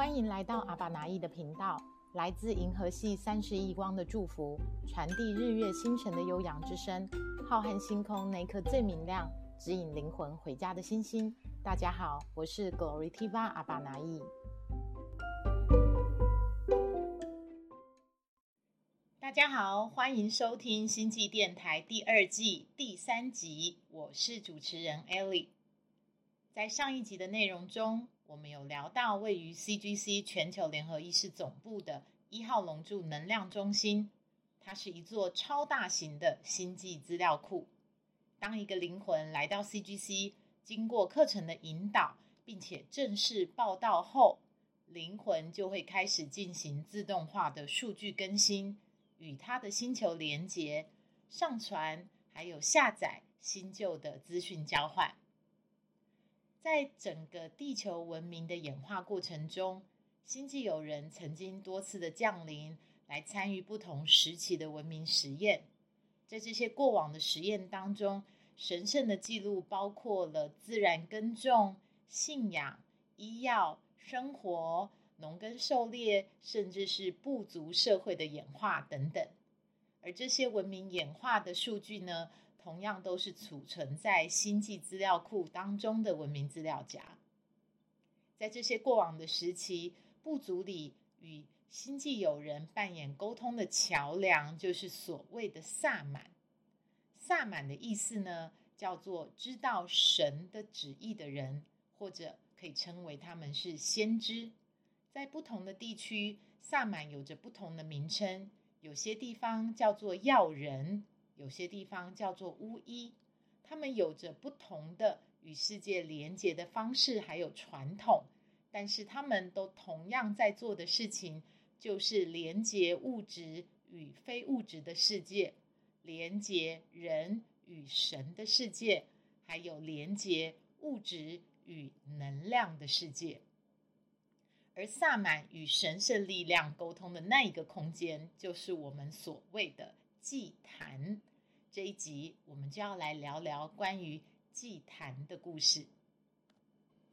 歡迎來到阿巴拿意的頻道，來自銀河系三十億光的祝福，傳遞日月星辰的悠揚之聲。浩瀚星空那顆最明亮，指引靈魂回家的星星。大家好，我是 Glory Tiva 阿巴拿意。大家好，歡迎收聽星際電台第二季第三集，我是主持人 Ellie。在上一集的內容中，我們有聊到位於 CGC 全球聯合意識總部的一號龍柱能量中心，它是一座超大型的星際資料庫。當一個靈魂來到 CGC，經過課程的引導，並且正式報到後，靈魂就會開始進行自動化的數據更新，與它的星球連接、上傳還有下載新舊的資訊交換。在整個地球文明的演化過程中，星際友人曾經多次的降臨，來參與不同時期的文明實驗。在這些過往的實驗當中，神聖的記錄包括了自然耕種、信仰、醫藥、生活、農耕、狩獵，甚至是部族社會的演化等等。而這些文明演化的數據呢，同樣都是儲存在星際資料庫當中的文明資料夾。在這些過往的時期，部族裡與星際友人扮演溝通的橋樑，就是所謂的薩滿。薩滿的意思呢，叫做知道神的旨意的人，或者可以稱為他們是先知。在不同的地區，薩滿有着不同的名稱，有些地方叫做藥人。有些地方叫做巫醫，他們有着不同的與世界連接的方式，還有傳統，但是他們都同樣在做的事情，就是連接物質與非物質的世界，連接人與神的世界，還有連接物質與能量的世界。而薩滿與神聖力量溝通的那一個空間，就是我們所謂的祭壇。這一集我們就要來聊聊關於祭壇的故事。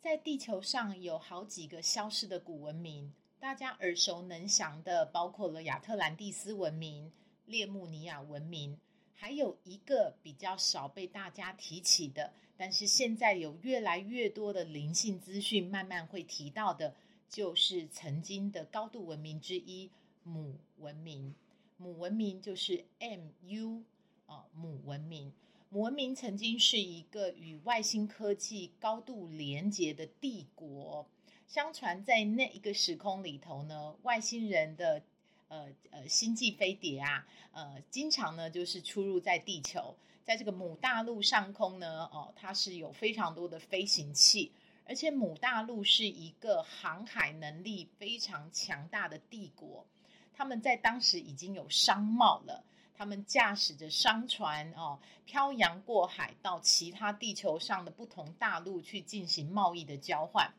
在地球上有好幾個消失的古文明，大家耳熟能詳的包括了亞特蘭蒂斯文明、列穆尼亞文明，還有一個比較少被大家提起的，但是現在有越來越多的靈性資訊慢慢會提到的，就是曾經的高度文明之一——姆文明。姆文明就是 MU。啊、哦，母文明，母文明曾經是一個與外星科技高度連接的帝國。相傳在那一個時空裡頭呢，外星人的呃呃星際飛碟啊，呃，經常呢就是出入在地球，在這個母大陸上空呢，哦，它是有非常多的飛行器，而且母大陸是一個航海能力非常強大的帝國，他們在當時已經有商貿了。他們駕駛着商船，哦，漂洋過海到其他地球上的不同大陸去進行貿易的交換。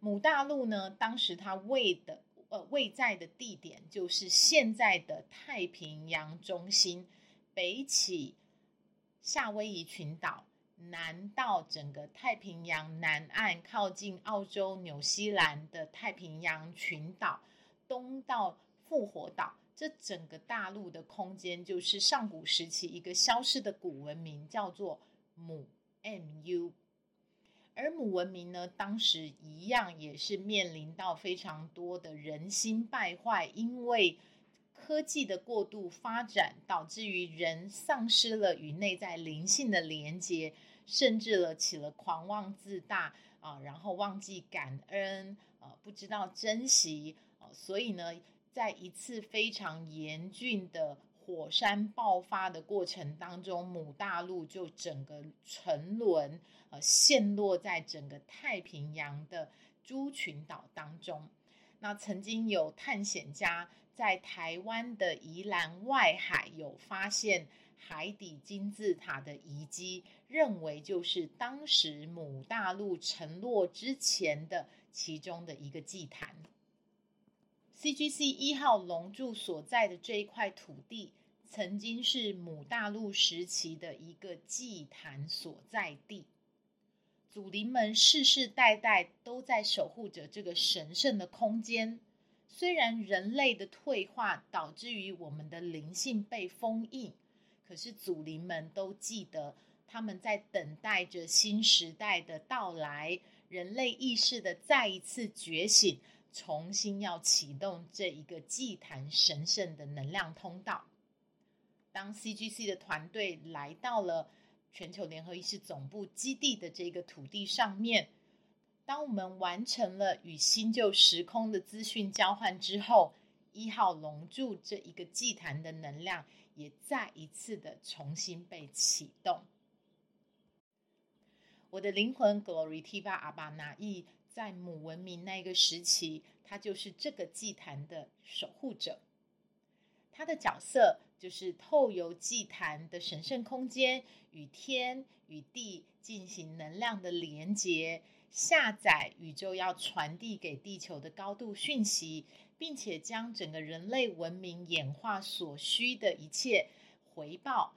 姆大陸呢，當時它位的呃位在的地點就是現在的太平洋中心，北起夏威夷群島，南到整個太平洋南岸靠近澳洲、紐西蘭的太平洋群島，東到復活島。這整個大陸的空間，就是上古時期一個消失的古文明，叫做姆 M U，而姆文明呢，當時一樣也是面臨到非常多的人心敗壞，因為科技的過度發展，導致於人喪失了與內在靈性的連接，甚至了起了狂妄自大啊，然後忘記感恩啊，不知道珍惜啊，所以呢。在一次非常嚴峻的火山爆發的過程當中，姆大陸就整個沉淪，呃，陷落在整個太平洋的諸群島當中。那曾經有探險家在台灣的宜蘭外海有發現海底金字塔的遺跡，認為就是當時姆大陸沉落之前的其中的一個祭壇。C G C 一號龍柱所在的這一塊土地，曾經是姆大陸時期的一個祭壇所在地。祖靈們世世代代都在守護着這個神聖的空間。雖然人類的退化導致於我們的靈性被封印，可是祖靈們都記得，他們在等待着新時代的到來，人類意識的再一次覺醒。重新要啟動這一個祭壇神聖的能量通道。當 C G C 的團隊來到了全球聯合意識總部基地的這個土地上面，當我們完成了與新舊時空的資訊交換之後，一號龍柱這一個祭壇的能量也再一次的重新被啟動。我的靈魂，Glory Tiva Abanayee。在母文明那一個時期，他就是這個祭壇的守護者。他的角色就是透由祭壇的神聖空間，與天與地進行能量的連接，下載宇宙要傳遞給地球的高度訊息，並且將整個人類文明演化所需的一切回報。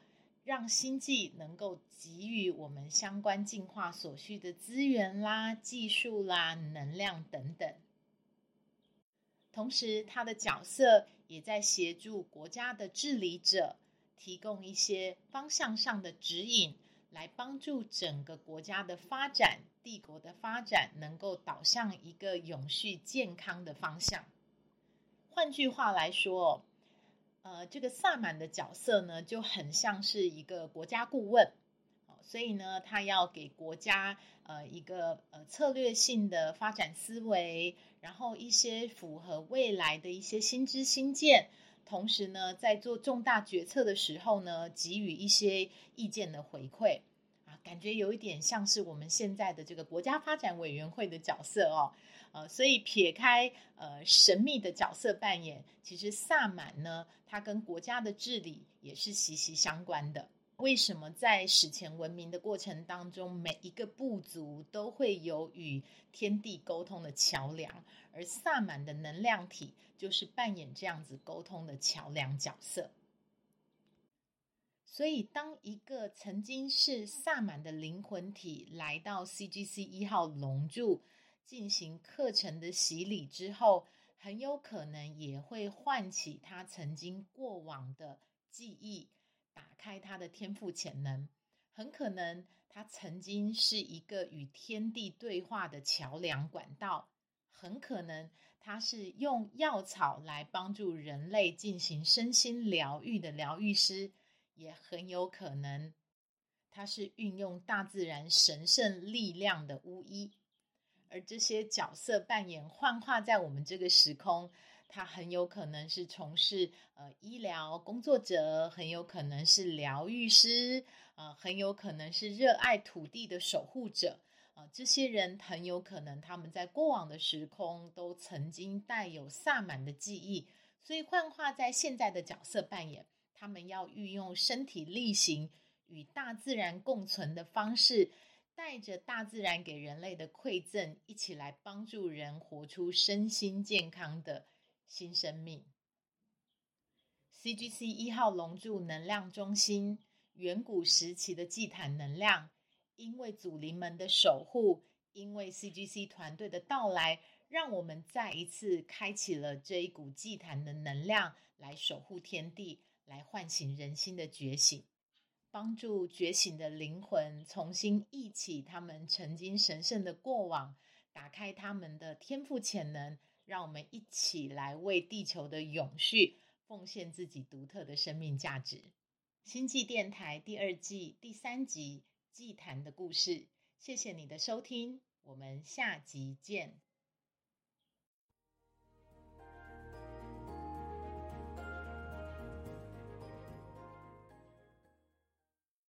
讓星際能夠給予我們相關進化所需的資源啦、技術啦、能量等等。同時，他的角色也在協助國家的治理者提供一些方向上的指引，來幫助整個國家的發展、帝國的發展能夠導向一個永續健康的方向。換句話來說，呃，這個薩滿的角色呢，就很像是一個國家顧問，所以呢，他要給國家呃一個呃策略性的發展思維，然後一些符合未來的一些新知新見，同時呢，在做重大決策的時候呢，給予一些意見的回饋啊，感覺有一點像是我們現在的這個國家發展委員會的角色哦。呃、所以撇開呃神秘的角色扮演，其實薩滿呢，它跟國家的治理也是息息相關的。為什麼在史前文明的過程當中，每一個部族都會有與天地溝通的橋樑，而薩滿的能量體就是扮演這樣子溝通的橋樑角色。所以，當一個曾經是薩滿的靈魂體來到 CGC 一號龍柱，進行課程的洗禮之後，很有可能也會喚起他曾經過往的記憶，打開他的天賦潛能。很可能他曾經是一個與天地對話的橋梁管道，很可能他是用藥草來幫助人類進行身心療癒的療癒師，也很有可能他是運用大自然神聖力量的巫醫。而這些角色扮演幻化在我們這個時空，他很有可能是從事呃醫療工作者，很有可能是療癒師，啊、呃，很有可能是熱愛土地的守護者，啊、呃，這些人很有可能他們在過往的時空都曾經帶有薩滿的記憶，所以幻化在現在的角色扮演，他們要運用身體力行與大自然共存的方式。帶着大自然給人類的饋贈，一起來幫助人活出身心健康的新生命。CGC 一號龍柱能量中心，遠古時期的祭壇能量，因為祖靈們的守護，因為 CGC 團隊的到來，讓我們再一次開啟了這一股祭壇的能量，來守護天地，來喚醒人心的覺醒。幫助覺醒的靈魂重新憶起他們曾經神聖的過往，打開他們的天賦潛能。讓我們一起來為地球的永續奉獻自己獨特的生命價值。星際電臺第二季第三集《祭壇的故事》，謝謝你的收聽，我們下集見。